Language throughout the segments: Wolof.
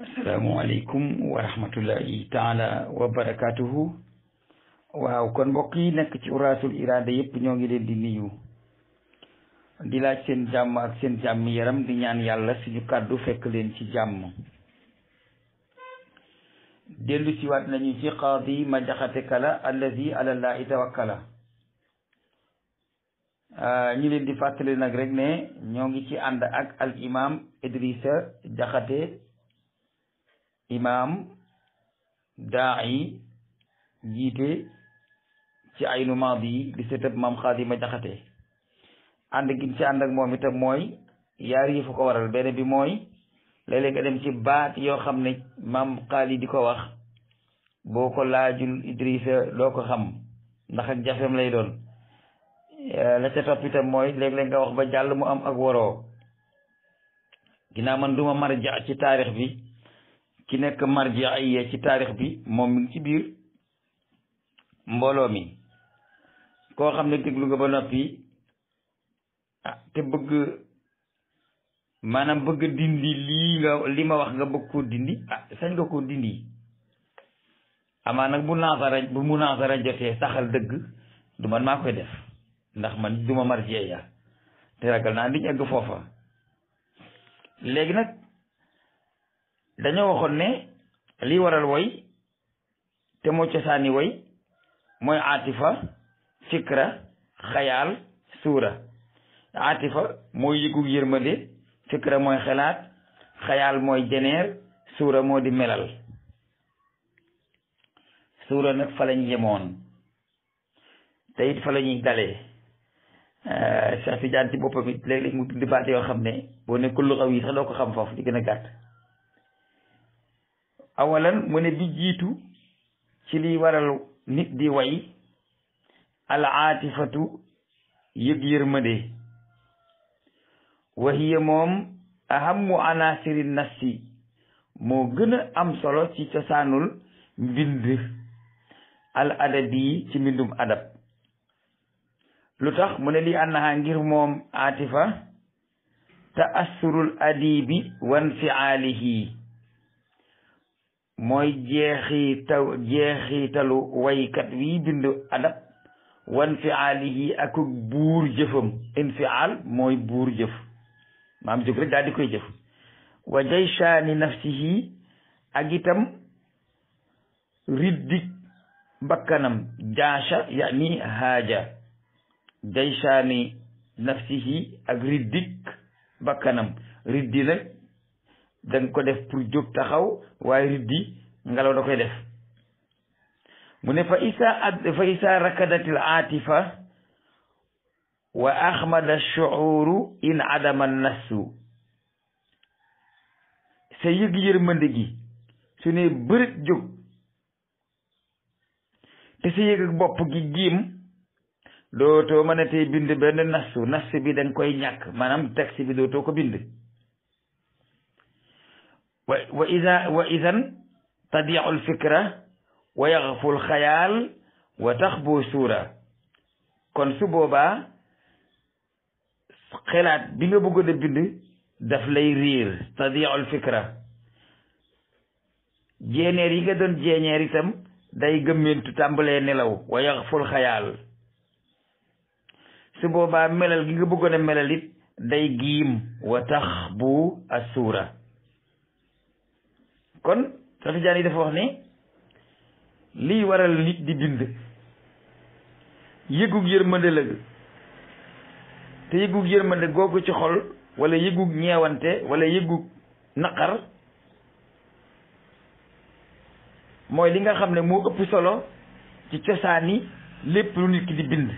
asalaamualeykum wa rahmatullahi taala wa barakatuhu waaw kon mbokk yi nekk ci uraasul iraada yëpp ñoo ngi leen di nuyu di laaj seen jàmm ak seen jàmm yaram di ñaan yàlla suñu kàddu fekk leen ci jàmm dellu siwaat nañu ci qaadi ma jaxate kala allazi ala llahi ñu leen di fàttali nag rek ne ñoo ngi ci ànd ak al imam jaxate imaam daa'i jiite ci aynu maadi di sëtëb maam xaatima jaxate ànd gi ci ànd ak moom itam mooy yaar yi fa ko waral benn bi mooy léeg-léeg nga dem ci baat yoo xam ne maam xaali di ko wax boo ko laajul Idrissa doo ko xam ndax ak jafeem lay doon la ca topp mooy léeg-léeg nga wax ba jàll mu am ak waroo ginnaaw man duma marja ci taarix bi ki nekk marja ay yee ci taarix bi moom mi ci biir mbooloo mi koo xam ne déglu nga ba noppi ah te bëgg maanaam bëgg dindi lii nga li ma wax nga bëgg koo dindi ah sañ nga koo dindi amaa nag bu naasara bu mu naasara jotee saxal dëgg du man maa koy def ndax man duma marja ya te ragal naa liñ egg foofa léegi nag dañoo waxoon ne lii waral woy te cosaan yi woy mooy atifa fikra xayaal suura atifa mooy yëgu yërmande fikra mooy xalaat xayaal mooy jeneer suura moo di melal suura nag fa lañuy yemoon te it fa la ñuy dalee eh, Cheikh Tidiane ci boppam it léeg-léeg mu bind baat yoo xam ne boo ne kullu xaw yi sax doo ko xam foofu di gën a gàtt awalan mu ne bi jiitu ci liy waral nit di way al aatifatu yëg yërmande wa hiya moom ahammu anasiri nafsi moo gën a am solo ci cosaanul mbind al adabi ci mbindum adab lu tax mu ne li annaha ngir moom aatifa ta assurul adibi wan fiaalihi mooy jeexitaw jeexitalu waykat wi bind adab wan fi aalihi ak buur jëfam infial mooy buur jëf maam jóg rek daal di koy jëf wa jayshaani nafsihi ak itam riddik bakkanam jaasha yani haaja jayshaani nafsihi ak riddik bakkanam riddi nag da ko def pour jóg taxaw waaye riddi ngelaw da koy def mu ne fa isa ad fa isa rakadatil atifa wa axmada shuuru in adama nassu sa yëg yërmande gi su ne bërit jóg te sa yëg ak bopp gi giim dootoo mën a tey bind benn nassu nass bi da nga koy ñàkk maanaam texte bi dootoo ko bind wa ida wa idan tadiu alfikra wa yaxfu alxayaal wa taxbu suura kon su boobaa xelaat bi nga bëggoon a bind daf lay riir tadiu alfikra jéeneer yi nga doon jéeneer itam day gëmmentu tàmbalee nelaw wa yaxfu alxayaal su boobaa melal gi nga bëggoon a melal it day giim wa taxbu asuura kon Cheikh Tidiane yi dafa wax ni liy waral nit di bind yëgug yërmande la te yëgug yërmande googu ci xol wala yëgug ñeewante walla yëgug naqar mooy li nga xam ne moo ëpp solo ci cosaani lépp lu nit ki di bind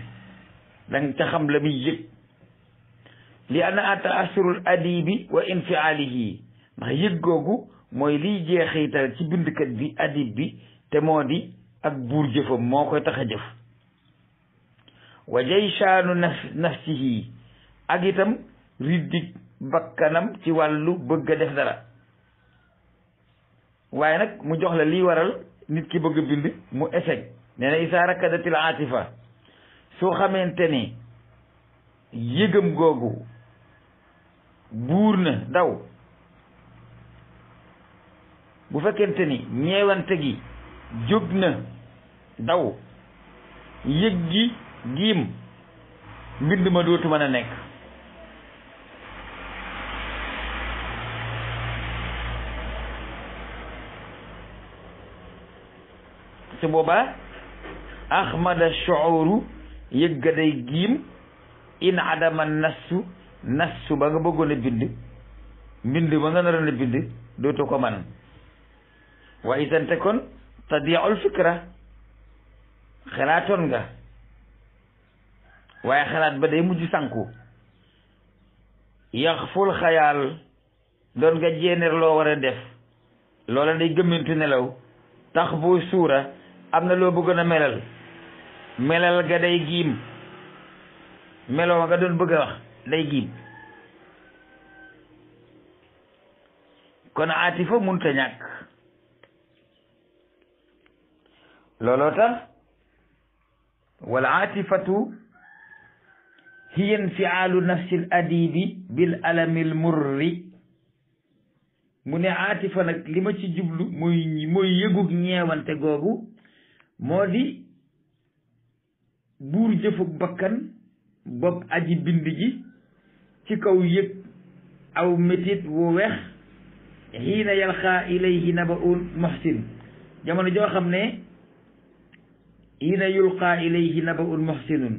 danga ca xam la muy yëg li ana a taassurul adibi wa infialihi ndax yëg googu mooy liy jeexital ci bindkat bi adib bi te moo di ak buur jëfam moo koy tax a jëf wa jaychaanu naf nafsihi ak itam riddik bakkanam ci wàllu bëgg a def dara waaye nag mu jox la liy waral nit ki bëgg a bind mu échec nee na isaa rakadatil aatifa soo xamante ni yëgam googu buur na daw bu fekkente ni ñeewante gi jóg na daw yëg gi giim mbind ma dootu mën a nekk su boobaa ahmada shuuru yëg ga day giim in adama nassu nassu ba nga bëggoon a bind mbind ma nga naroon a bind dootu ko man wa idan takun tadi'ul fikra xalaatoon nga waaye xalaat ba day mujj sanku yaxful xayaal doon nga jéenéer loo war a def loola day gëmmintu nelaw tax bu suura am na loo bëggoon a melal melal ga day giim meloo nga doon bëgg a wax day giim kon aati fa munta ñàkk looloo tax wala atifatu hiya infiaalu nafsi l bil alami l mu ne aatifa nag li ci jublu mooy mooy yëgug ñeewante googu moo di buur jëfug bakkan bopp aji bind ji ci kaw yëg aw métit wu weex xiina yalxaa ilayhi naba muhsin jamono joo xam ne yi xiina yulqaa ilayhi nabaun muhsinun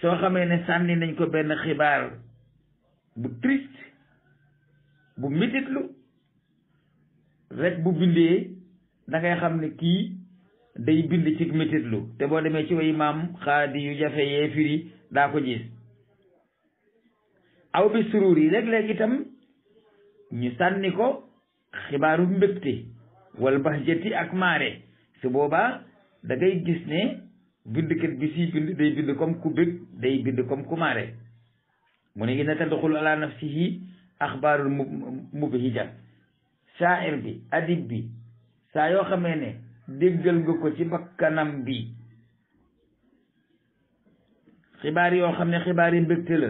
soo xamee ne sànni nañ ko benn xibaar bu triste bu métitlu rek bu bindee da xam ne kii day bind ci métitlu te boo demee ci way maam xaadi yu jafe yee firi daa ko gis aw bi suruur yi léeg-léeg itam ñu sànni ko xibaaru mbégte wal bahjati ak maare su boobaa da ngay gis ne bindkat bi siy bind day bind comme ku bëgg day bind comme ku maare mu ne inna tadxulu ala nafsihi axbaarul mubhija shaair bi adib bi saa yoo xamee ne déggal nga ko ci bakkanam bi xibaar yoo xam ne xibaar yi mbégte la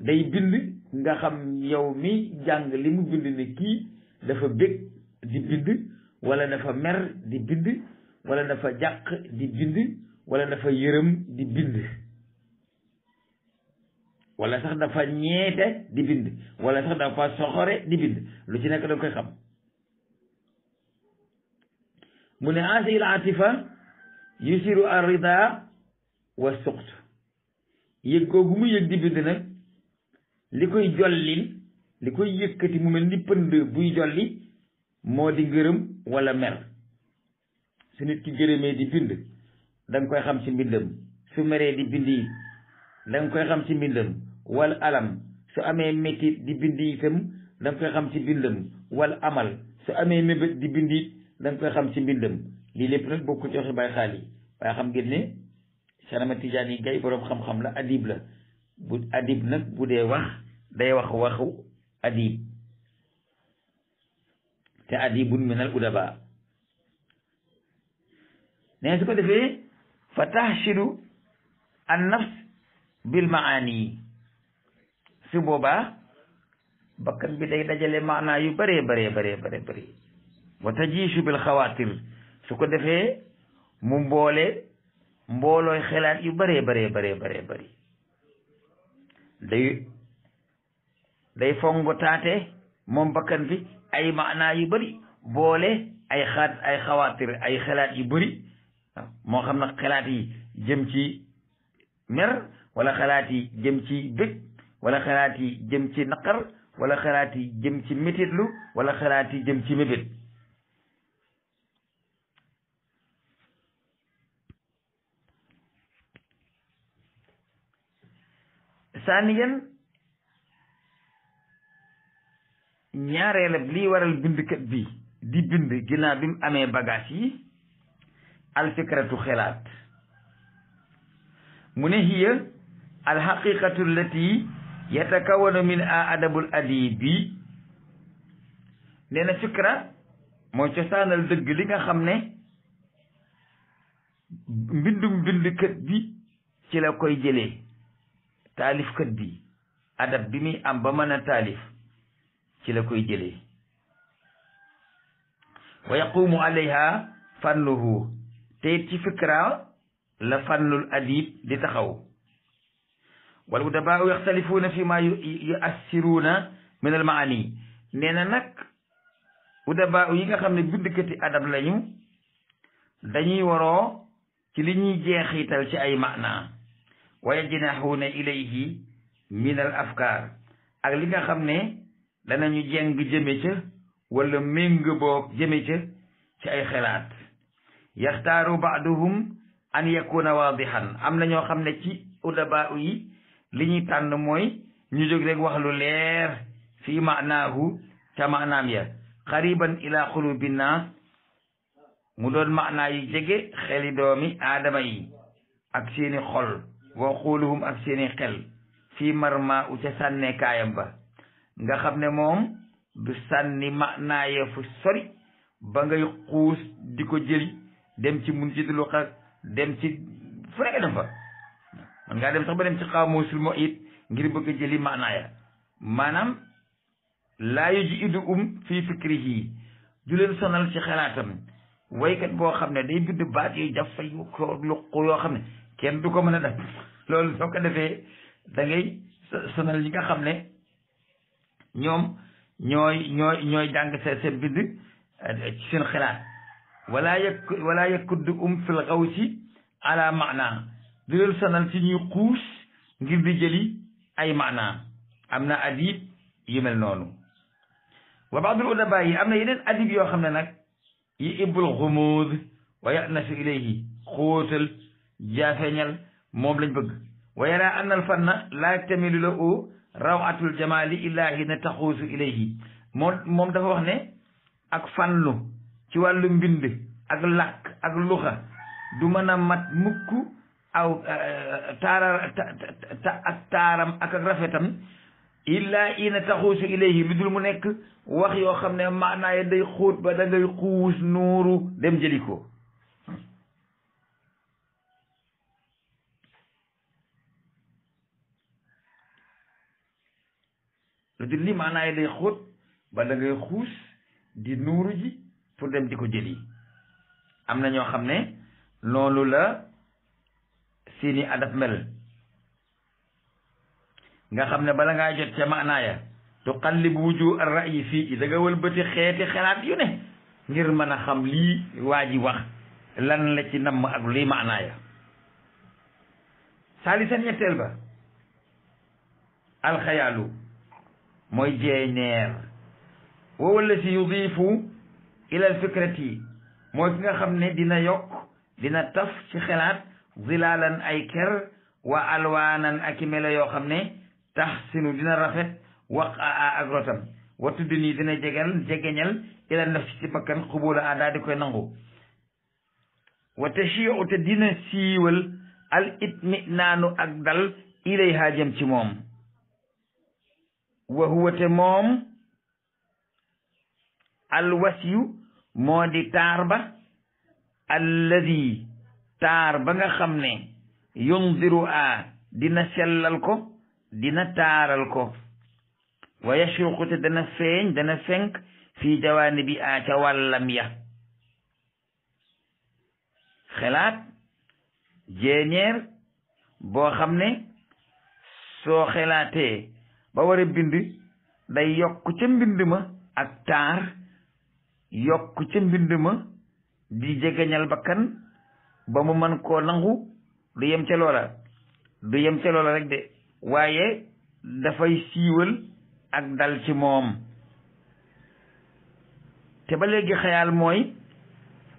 day bind nga xam yow mi jàng li mu bind ne kii dafa bég di bind wala dafa mer di bind wala dafa jàq di bind wala dafa yërëm di bind wala sax dafa ñeete di bind wala sax dafa soxore di bind lu ci nekk da koy xam mu ne aasi il atifa yusiru arrida wa suqt yëg googu mu yëg di bind nag li koy jolli li koy yëkkati mu mel ni pënd buy jolli moo di ngërëm walla mer su nit ki gërëmee di bind da koy xam ci mbindam su meree di bind yi da koy xam ci mbindam wal alam su amee métit di bind itam da nga koy xam ci bindam wal amal su amee mébét di bind it da koy xam ci mbindam lii lépp nag bokku ci waxi Baay Xaal waaye xam ngeen ne Sarama Tijaan yi gay boroom xam-xam la adib la bu adib nag bu dee wax day wax waxu adib te adibun minal udaba nee su ko defee fa tahshidu an nafs bil maani su boobaa bakkan bi day dajale maanaa yu bëree bëree bëree bëree bëri wa tajiishu su ko defee mu mboole yu bëree bëree bëree bëree bëri day day fongo moom bakkan bi ay maanaa yu bëri boole ay xaat ay xawaatir ay xelaat yu bari waaw moo xam nag xalaat yi jëm ci mer wala xalaat yi jëm ci bëgg wala xalaat yi jëm ci naqar wala xalaat yi jëm ci métitlu wala xalaat yi jëm ci mébét saaniyan ñaareelab lii waral bindkat bi di bind ginnaaw bi amee bagaas yi alfikratu xelaat mu ne hiya alxaqiqatu allati yatakawanu min a adabul adibi nee na fikra mooy cosaanal dëgg li nga xam ne mbindum bindkat bi ci la koy jëlee taalifkat bi adab bi muy am ba mën a taalif ci la koy jëlee wa yaqumu alayha fannuhu te ci fikra la fànnul adib di taxaw wal udabaau yaxtalifuuna fi ma yuassiruuna min al maani nee na nag udabaau yi nga xam ne bindkati adab lañu dañuy waroo ci li ñuy jeexital ci ay maana wa yajnaxuuna ilayhi min al afkaar ak li nga xam ne danañu jeng jëme ca wala méng boog jëme ci ay xalaat yaxtaaru baaduhum an yakuna waadixan am na ñoo xam ne ci udaba yi li ñuy tànn mooy ñu jóg rek wax lu leer fii maanaahu ca maanaam ya xariban ila xulubi mu doon maanaa yu jege xeli doomi aadama yi ak seeni xol wa xuuluhum ak seeni xel fii marma u ca sànnee kaayam ba nga xam ne moom du sànni maanaa ya fu sori ba ngay xuus di ko jëli dem ci mun ci lu xas dem ci fu nekk dem fa man ngaa dem sax ba dem ci xaw moo moo it ngir bëgg jëli maanaaya maanaam laa yu ji iddu um fii fikri yii du leen sonal ci xalaatam waykat boo xam ne day bind baat yooyu dafa yu ko yoo xam ne kenn du ko mën a def loolu soo ko defee da sonal yi nga xam ne ñoom ñooy ñooy ñooy jàng seen seen bind eh, seen xalaat wala yak wala yakuddu um fil xawsi ala maana du leen sonal ci ñuy xuus ngir di jëli ay maana am na adib yu mel noonu wa baadul udaba yi am na yeneen adib yoo xam ne nag yi ibul xumuud wa yanasu ilayhi xóotal jaafeñal moom lañ bëgg wa yara anna fanna la yaktamilu la u rawatul jamali taxuusu ilayhi moom moom dafa wax ne ak fanlu ci wàllu mbind ak làkk ak luxa du mën a mat mukk aw euh, taara taaram ak ak rafetam illa ina taxuusu ilayhi lu dul mu nekk wax yoo xam ne maanaa ye day xóot ba da xuus nuuru dem jëli ko lu dul li day xóot ba da xuus di nuuru pour dem di ko jëli am na ñoo xam ne loolu la sini adab mel nga xam ne bala ngaa jot ca maanaaya tuqallib wuju ar-ra'yi fii da nga xeeti xalaat yu ne ngir mën a xam lii waaji wax lan la ci namm ak lii maanaaya saalisan ñetteel ba alxayaalu mooy jeeñeer wowala si yudiifu ilal fikrat yi ki nga xam ne dina yokk dina taf ci xelaat zilaalan ay ker wa alwaanan ak i melo yoo xam ne tax sinu dina rafet wax a ak rotam dina jegeñal ilal naf ci bakkan xubula a daa nangu wa tashiu te dina siiwal al itminaanu ak dal ilayha jëm ci moom wa huwa te moom al wasiyu moo taar ba alladi taar ba nga xam ne yundiru a dina sellal ko dina taaral ko wa yashruqu te dana feeñ dana fenk fii jawaani bi a ca wàllam ya xelaat jéeñeer boo xam ne soo xelaatee ba war bind day yokk ca mbind ma ak taar yokk ca mbind ma di jegeñal bakkan ba mu mën koo nangu du yem ca loola du yem ca loola rek de waaye dafay siiwal ak dal ci moom te ba léegi xayaal mooy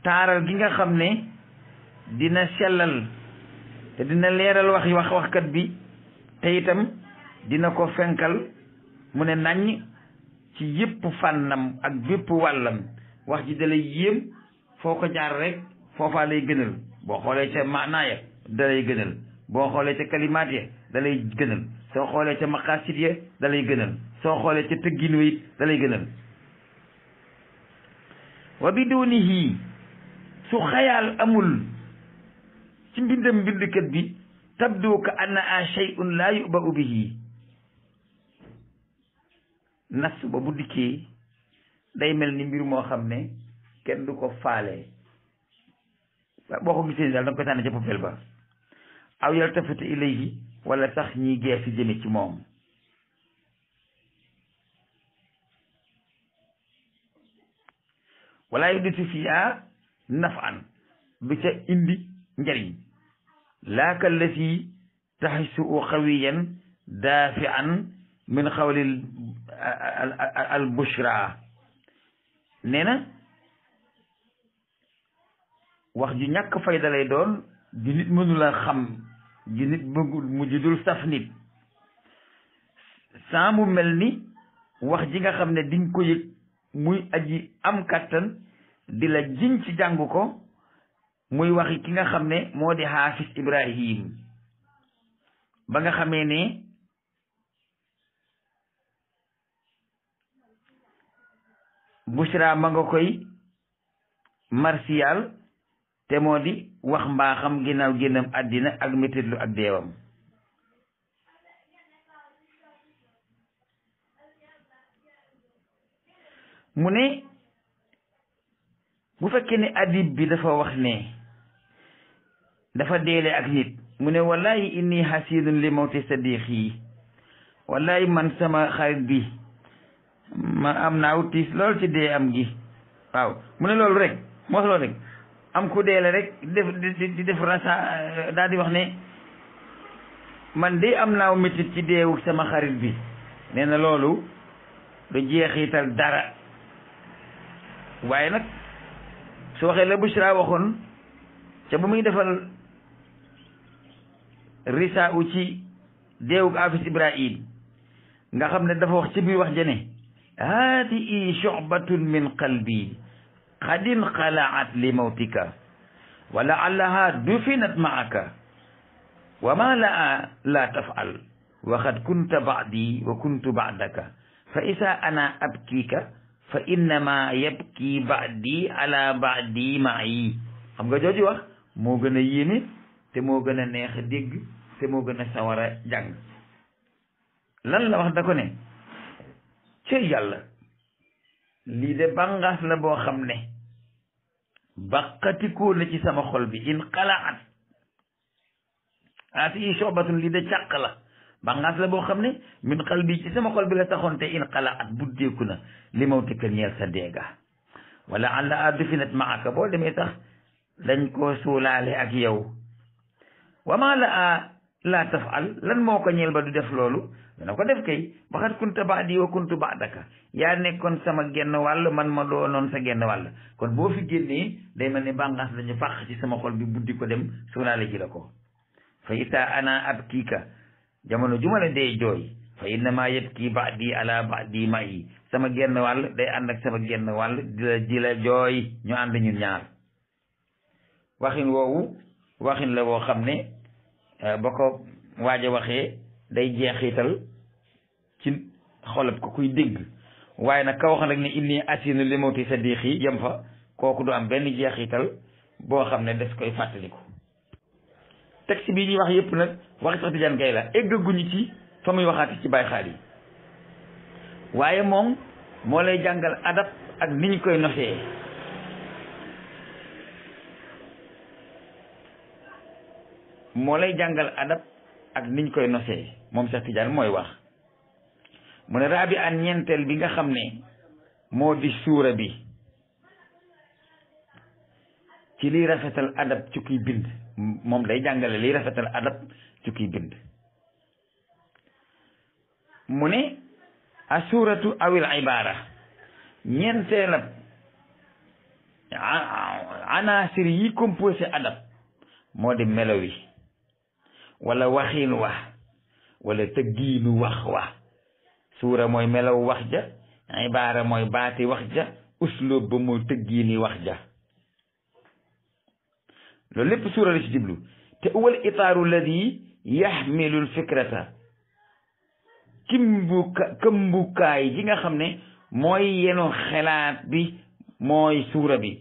taaral gi nga xam ne dina sellal te dina leeral waxi wax waxkat bi tey itam dina ko fenkal mu ne naññ ci yépp fànnam ak bépp wàllam wax ji dalay yéem foo ko jaar rek foofaa lay gënal boo xoolee ca maanaa ya dalay gënal boo xoolee ca kalimaat ya dalay gënal soo xoolee ca maqaasid ya dalay gënal soo xoolee ca tëggin wi dalay gënal su xayaal amul ci mbindam mbindkat bi tabdu ka anna a shay'un la yuba'u bihi nas ba bu dikkee day mel ni mbir moo xam ne kenn du ko faale boo ko gisee daal da nga koy tànn ca poubelle ba aw yaltafitu ilayhi wala sax ñiy geesi jëme ci moom wala yuditu fiha nafan du ca indi njariñ laaka lati taxisuu xawiyan daafian min xawli al nee na wax ju ñàkk fayda lay doon ju nit mënula xam ju nit bëggul mu ju dul saf nit saa mu mel ni wax ji nga xam ne diñ ko yëg muy aji am kàttan di jiñ ci jàng ko muy waxi ki nga xam ne moo di xaafis ibrahim ba nga xamee ne bushra ma nga koy martial te moo di wax mbaaxam ginaaw génnam àddina ak metitlu ak deewam mu ne bu fekkee ne adib bi dafa wax ne dafa deele ak nit mu ne wallahi inni hasidun li mawti sadiq yi wallahi man sama xarit bi ma am naaw tiis lool ci dee am gi waaw mu ne loolu rek mos loolu rek am ku deele rek def di def rasa eh, daal di wax ne man de am naaw métit ci deewu sama xarit bi nee na loolu du jeexital dara waaye nag su waxee la bu Bushra waxoon ca bu muy defal risa u ci deewug Afis Ibrahim nga xam ne dafa wax ci biir wax jene haadihi shu'batun min qalbi xadin xalaat li mawtika wa la'allaha dufinat ma'aka wa ma laa la taf'al wa qad kunta ba'di wa kuntu ba'daka fa isa ana abkika fa innama yabki ba'di ala ba'di ma'i xam nga jooju wax moo gën a yéeme te moo gën a neex a dégg te moo gën a sawar a jàng lan la wax da ko ne cëy yàlla lii de bàngaas la boo xam ne bàqatikoo na ci sama xol bi in xalaat aati yi sobatun lii de càq la bàngaas la boo xam ne min xal bi ci sama xol bi la taxoon te in xalaat buddeeku na li maw tëkkal ñeel sa deega wala àlla adufinat maaka boo demee sax dañ koo suulaale ak yow wama la a laa taf al lan moo ko ñeel ba du def loolu dana ko def kay waxat kunta baadi wa kuntu baadaka yaa nekkoon sama genn wàll man ma doonoon sa genn wàll kon boo fi génnee day mel ni bànqaas lañu fàq ci sama xol bi buddi ko dem suulaale ji la ko fa ita ana ab kiika jamono jumale day jooy fa ma yi sama genn wàll day ànd ak sama genn wàll di la di jooy ñu ànd ñun ñaar waxin woowu waxin la woo xam ne Euh, ba ko waaje waxee day jeexital ci xolab ko kuy dégg waaye na kaw wax nag ne inni asinu li mawti sa diix yi yem fa kooku du am benn jeexital boo xam ne des koy fàttaliku texte bii ñuy wax yëpp nag waxi sax Tijaan Gay la eggaguñu ci fa muy waxaati ci Baay Xaal yi waaye moom moo lay jàngal adab ak ni ñu koy nosee moo lay jàngal adab ak niñ koy nosee moom Cheikh Tidiane mooy wax mu ne raabi an ñeenteel bi nga xam ne moo di suura bi ci lii rafetal adab ci kuy bind moom day jàngale liy rafetal adab ci kuy bind mu ne suuratu awil ibaara ñeenteelab anaasir yi composé adab moo di melo wi wala waxiin wax walla tëggiinu wax wax suura mooy melow wax ja ibaara mooy baati wax ja usloob ba mooy tëggiini wax ja loolu lépp suura la ci jiblu te wal itaaru ladi yaxmilul fikrata kimbu këmbukaay gi nga xam ne mooy yenu xelaat bi mooy suura bi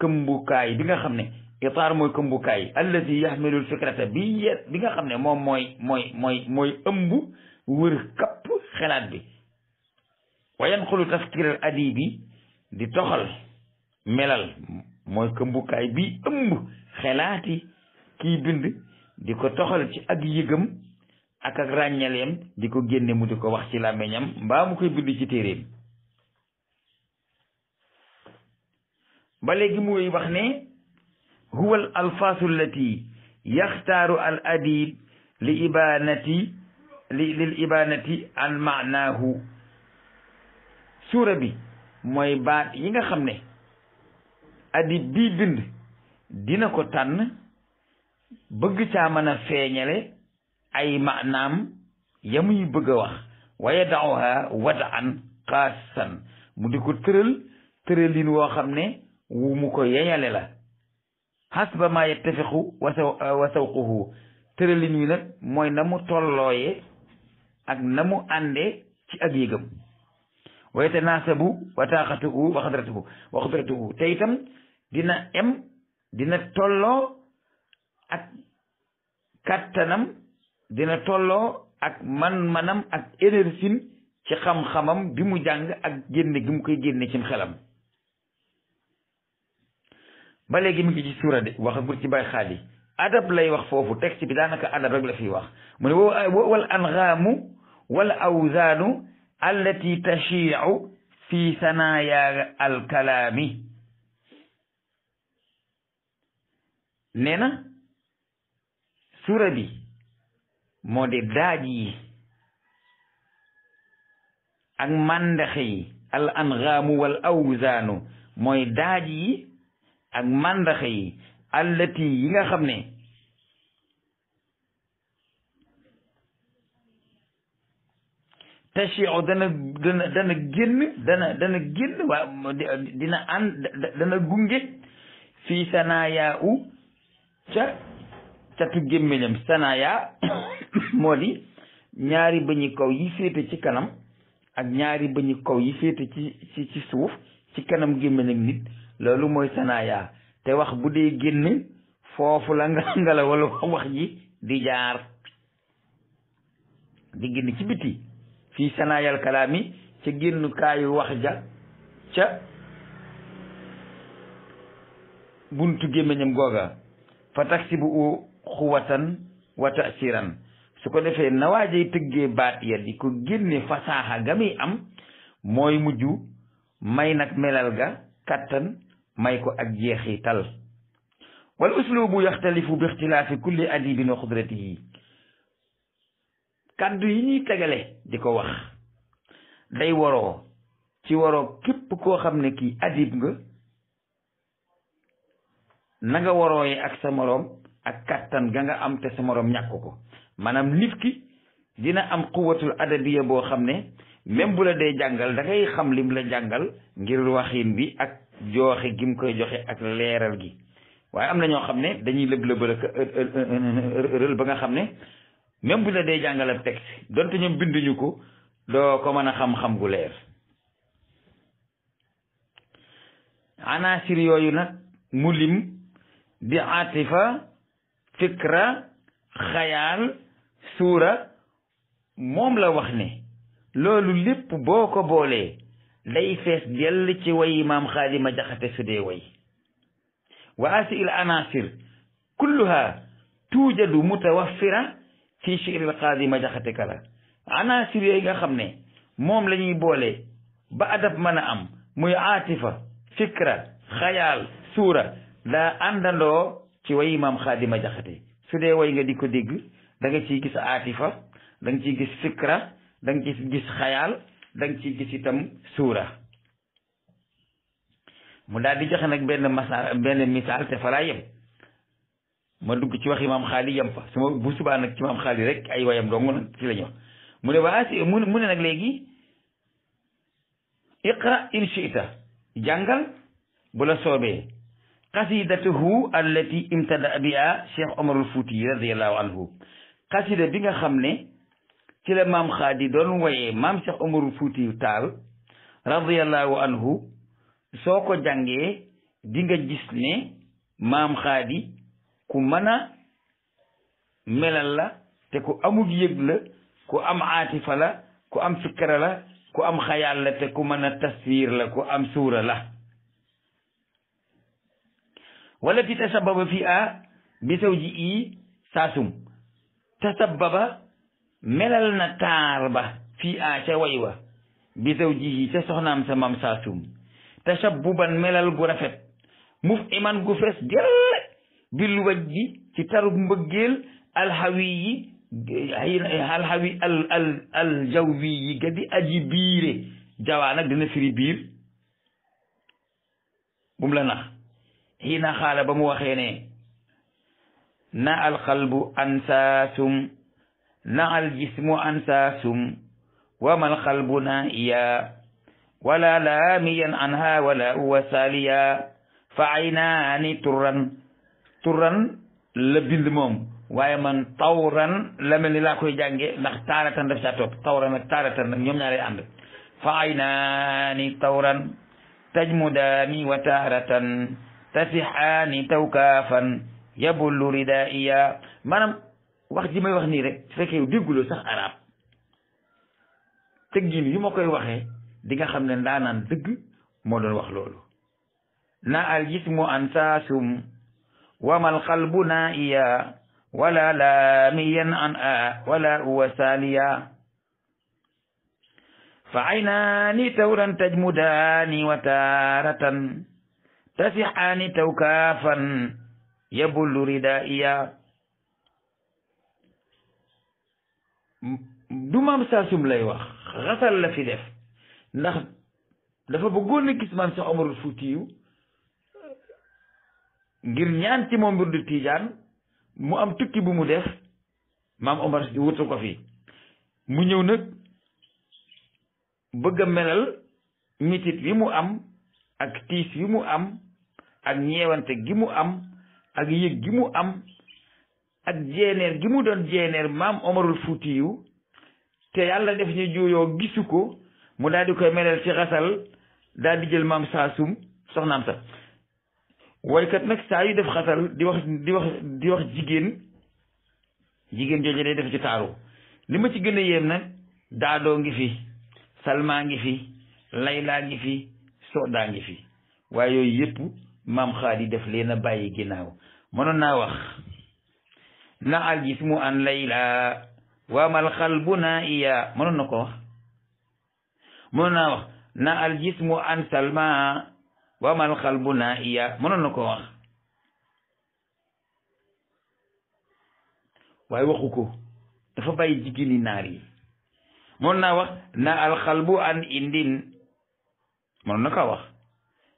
këmbukaay bi nga xam ne itaar mooy këmbukaay allazi yaxmilul fikrata bi ye bi nga xam ne moom mooy mooy mooy mooy ëmb wër kapp xelaat bi wa yanqulu tafkiral adibi di toxal melal mooy këmbukaay bi ëmb xelaati kiy bind di ko toxal ci ak yëgam ak ak ràññaleem di ko génne mu di ko wax ci làmmiñam mbaa mu koy bind ci téeréem ba léegi muy wax ne huwa al alfaasu yaxtaaru al adib li ibanati li lil ibanati an maanaahu suura bi mooy baat yi nga xam ne adib bii bind dina ko tànn bëgg caa mën a feeñale ay maanaam ya muy bëgg a wax waaye dawha wada an xaasan mu di ko tëral tëralin woo xam ne wu mu ko yeñale la xasba maa yattafiqu wa saw euh, wa sawquhu tëralin wi nag mooy na mu tollooye ak na mu àndee ci ak yëgam wa yatanaasabu wa taaxatuhu wa xadratuhu wa xudratuhu te itam dina em dina tolloo ak kattanam dina tolloo ak man-manam ak énergie ci xam-xamam bi mu jàng ak génne gi mu koy génne cim xelam ba léegi mu ci suura de waxagul ci bay xaali adab lay wax foofu texte bi daanaka adab rek la fiy wax mu ne wal anghaamu wal awzaanu allati tashiicu fi sanaaya alkalaami nee na suura bi moo di daaj yi ak màndaxe yi al anghaamu wal awzaanu mooy daaj ak màndaxa yi allati yi nga xam ne tashiu dana dana dana génn dana génn waa dina ànd dana gunge fii sanaya u ca catu gémmiñam sanaya moo di ñaari bëñi kaw yi féete ci kanam ak ñaari bëñi kaw yi féete ci ci suuf ci kanam gémmiñ nit loolu mooy sanaaya te wax bu dee génn foofu la nga nga la wala wax ji di jaar di génn ci biti fii sanaayal kalaami ca génnukaayu wax ja ca buntu gémmiñam googa fa taxi bu u xuwatan wa tasiran su ko defee na waajay tëggee baat ya di ko génne fasaaxa ga muy am mooy mujj may nag melal ga kàttan may ko ak jeexital wal uslubu yaxtalifu bi ixtilaafi kulli adibin wa xudratihi kàddu yi ñuy tegale di ko wax day waroo ci waroo képp koo xam ne kii adib nga nanga waroo warooye ak sa moroom ak kàttan ga nga am te sa moroom ñàkk ko maanaam nit ki dina am quwatul adabiya boo xam ne même bu la dee jàngal dangay ngay xam lim la jàngal ngir waxin bi ak jooxe gim koy joxe ak leeral gi waaye am na ñoo xam ne dañuy lëb-lëbal ak rël ba nga xam ne même bu la dee jàngalab texte donte ñoom binduñu ko doo ko mën a xam-xam gu leer anaasir yooyu nag mu lim di atifa fikra xayaal suura moom la wax ne loolu lépp boo ko boolee day fees dell ci way maam xaadima jaxate su dee way wa asiil anasir kulluha tuujadu ci fi shiiril xaadima jaxate kala anasir yooyu nga xam ne moom la ñuy boole ba adab mën a am muy aatifa fikra xayaal suura daa àndandoo ci way maam xaadima jaxate su dee way nga di ko dégg danga nga ciy gis aatifa da nga ciy gis fikra danga nga ciy gis xayaal danga ci gis itam suura mu daal di joxe nag benn masa benn misaal te falaa yem ma dugg ci wax imaam xaali yem fa su ma bu subaa nag ci imaam xaali rek ay wayam dong nag ci la ñu wax mu ne waa mu ne nag léegi iqra in shi'ta jàngal bu soobee xasidatuhu allati imtada biha cheikh omarul fouti yi radiallahu anhu xasida bi nga xam ne ci la maam xaadi doon woyee maam Cheikh Omarul Fuutiyu Taal radiyallahu anhu soo ko jàngee di nga gis ne maam xaadi ku mën a la te ku amul yëg la ku am aatifa la ku am fikkara la ku am xayaal la te ku mën a taswiir la ku am suura la wala ti tasababa fi a bi saw ji i saasum melal na taar ba fii a ca wa bi zawjihi soxna soxnaam sa mam saasum tashabbuban melal gu rafet muf iman gu fees dell bil wajji ci taru mbëggeel alxawi yi alxawi al al al jawwi yi ga di dina firi biir bumu la xaala ba mu waxee ne na alxalbu ansaasum نعى الجسم أنساسم وما القلب نائيا ولا لاميا عنها ولا وساليا فعينان ترا ترا la bind moom waaye man tawran la mel ni laa koy jànge ndax taaratan daf saa topp tawran ak taaratan nag ñoom ñaaree ànd fa aynaani tawran tajmudaani wa taaratan tasixaani tawkaafan yabullu ridaiya maanaam wax ji may wax nii rek su fekkee yow dégguloo sax arab tëggin yu ma koy waxee di nga xam ne ndaanaan dëgg moo doon wax loolu na al jismu ansaasum wamal qalbu naa iya wala laamiyan an a wala uwa saaliya fa aynaani tawran tajmudaani wa taaratan tasixaani tawkaafan yabullu ridaiya du maam saasum lay wax xasal la fi def ndax dafa bëggoon a gis maam Cheikh Omarul Fuutiyu ngir ñaan ci moom mbir du Tijaan mu am tukki bu mu def maam Omar wutu ko fi mu ñëw nag bëgga a melal mitit wi mu am ak tiis wi mu am ak ñeewante gi mu am ak yëg gi mu am ak jeeneer gi mu doon jeeneer maam Omarul Fuutiyu te yàlla def ñu juuyoo gisu ko mu daal di koy melal ci xasal daldi jël maam saasum soxnaam sa waykat nag saa yu def xasal di wax di wax di wax jigéen jigéen jooju day def ci taaru li ma ci gën a yéem nag daadoo ngi fi salmaa ngi fi laylaa ngi fi soodaa ngi fi waaye yooyu yëpp maam xaadi def leen a bàyyi ginnaaw mënoon naa wax na al jismu an layla wa mal xalbu na iya mënoon na ko wax mënoon naa wax na al jismu an salma wa mal xalbu na iya mënoon na ko wax waaye waxu ko dafa bàyyi jigéeni naar yi mënoon naa wax na al xalbu an indin mënoon na ko wax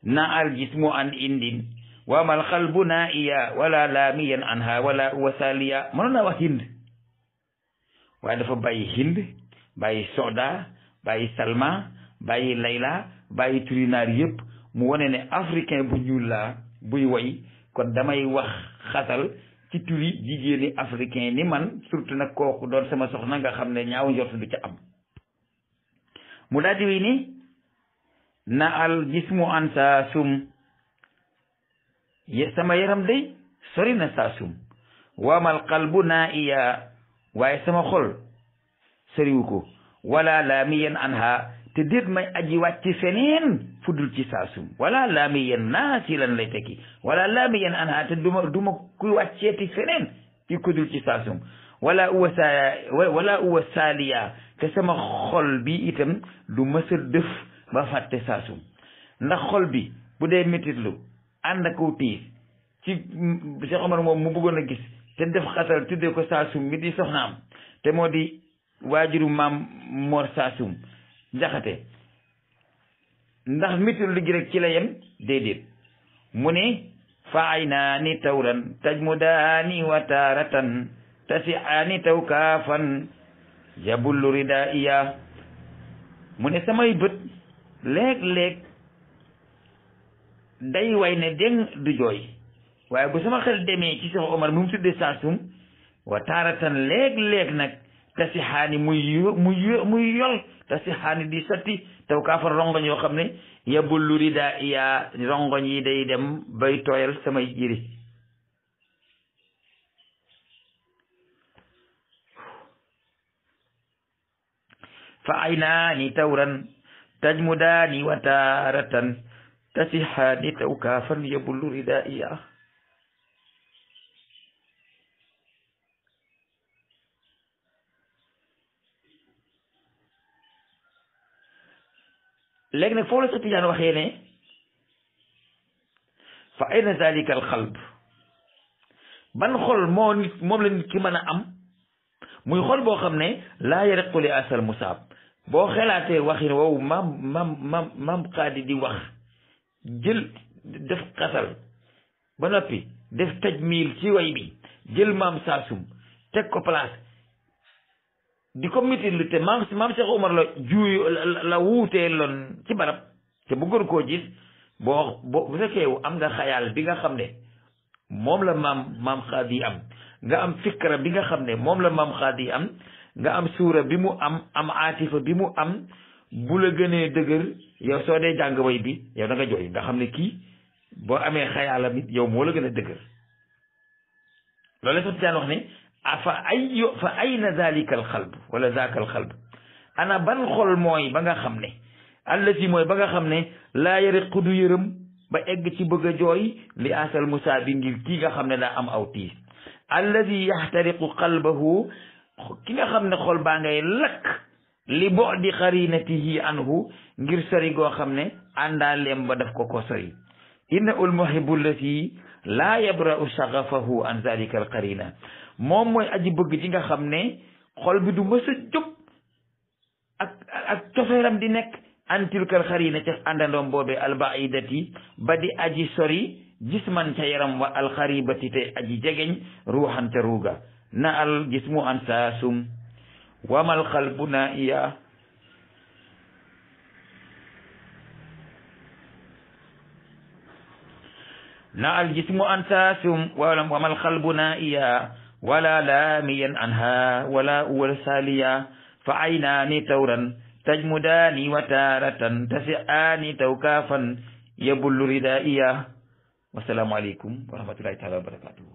na al jismu an indin wa mal qalbu naa'iya wala laamiyan anha wala uwa saaliya mënoon naa wax hind waaye dafa bàyyi hind bàyyi soda bàyyi salma bàyyi layla bàyyi turinaar yépp mu wone ne africain bu ñuul laa buy woy kon damay wax xatal ci turi jigéeni africain ni man surtout nag kooku doon sama soxna nga xam ne ñaaw njort du ca am mu daldi wi ni na al jismu ansasum sama yaram day sori na saasum wamal qalbu naa iya waaye sama xol soriwu ko wala laamiyan anha te déet may aji wàcc feneen fudul ci saasum wala laamiyan naasilan lay tekki wala laamiyan anha te duma duma kuy wàcceeti feneen yu ko dul ci saasum wala uwa saa te sama xol bi itam du mësa dëf ba fàtte saasum ndax xol bi bu dee métitlu ànd ak kaw tiis ci Cheikh moom mu bëggoon a gis te def xatal tuddee ko saasum mi di soxnaam te moo di waajuru maam Mor saasum jaxate ndax mitul liggi ci la yem déedéet mu ne fa ay naa ni tawran taj mu daa ni wataaratan tasi aa ni taw kaafan jabullu rida iya mu ne samay bët léeg-léeg day way ne deng du jooy waaye bu sama xel demee ci Cheikh Omar mu mu tuddee saasum wa taaratan léeg-léeg nag tasi xaani muy muy muy yol tasi xaani di sotti taw kaa rongoñ yoo xam ne yabul lu rida yaa rongoñ yi day dem bay tooyal samay jiri fa aynaani tawran tajmudaani wa taaratan تسحان توكافا يبل ردائيا léegi nag foofu la Cheikh Tidiane waxee ne fa ayna zalika al qalb ban xol moom la nit ki mën a am muy xol boo xam ne laa yaraqu li asal musaab boo xelaatee waxin wow maam maam maam maam di wax jël def xasal ba noppi def tajmiil ci way bi jël maam saasum teg ko place di ko mitit lu te maam maam Cheikh Omar la juuyu la wuutee loon ci barab te bu bëggoon koo gis boo boo bu fekkee am nga xayaal bi nga xam ne moom la maam maam xaadi am nga am fikra bi nga xam ne moom la maam xaadi am nga am suura bi mu am am bi mu am bu la gënee dëgër yow soo dee jàng way bi yow da jooy nga xam ne kii boo amee xayaalam it yow moo la gën a dëgër loolu sax daan wax ne fa ay fa ayna zalika xalb wala zaaka xalb ana ban xol mooy ba nga xam ne allati mooy ba nga xam ne laa yare xudu yërëm ba egg ci bëgg a jooy li asal musaa bi ngir kii nga xam ne daa am aw tiis allati yaxtariqu qalbahu ki nga xam ne xol baa ngay lakk li bu'di qarinatihi anhu ngir sori goo xam ne àndaaleem ba daf ko ko sori inna ul la lati laa yabra'u shagafahu an zalika al qarina moom mooy aji bëgg ji nga xam ne xol bi du mës a jóg ak ak cofeeram di nekk an tilkal qarina ca àndandoom boobee al ba'idati ba di aji sori jisman ca yaram wa al qaribati te aji jegeñ ruuxan ca ruuga na al jismu ansasum wamal xalbu naa iya na aljismu ansaasum wala wamal xalbu naa iya wala laamiyan anha wala uwal saaliya fa aynaani tawran tajmudaani wa taaratan tasiaani tawkaafan yabullu ridaiya wasalaamu aleykum wa rahmatullahi taala wa barakatuhu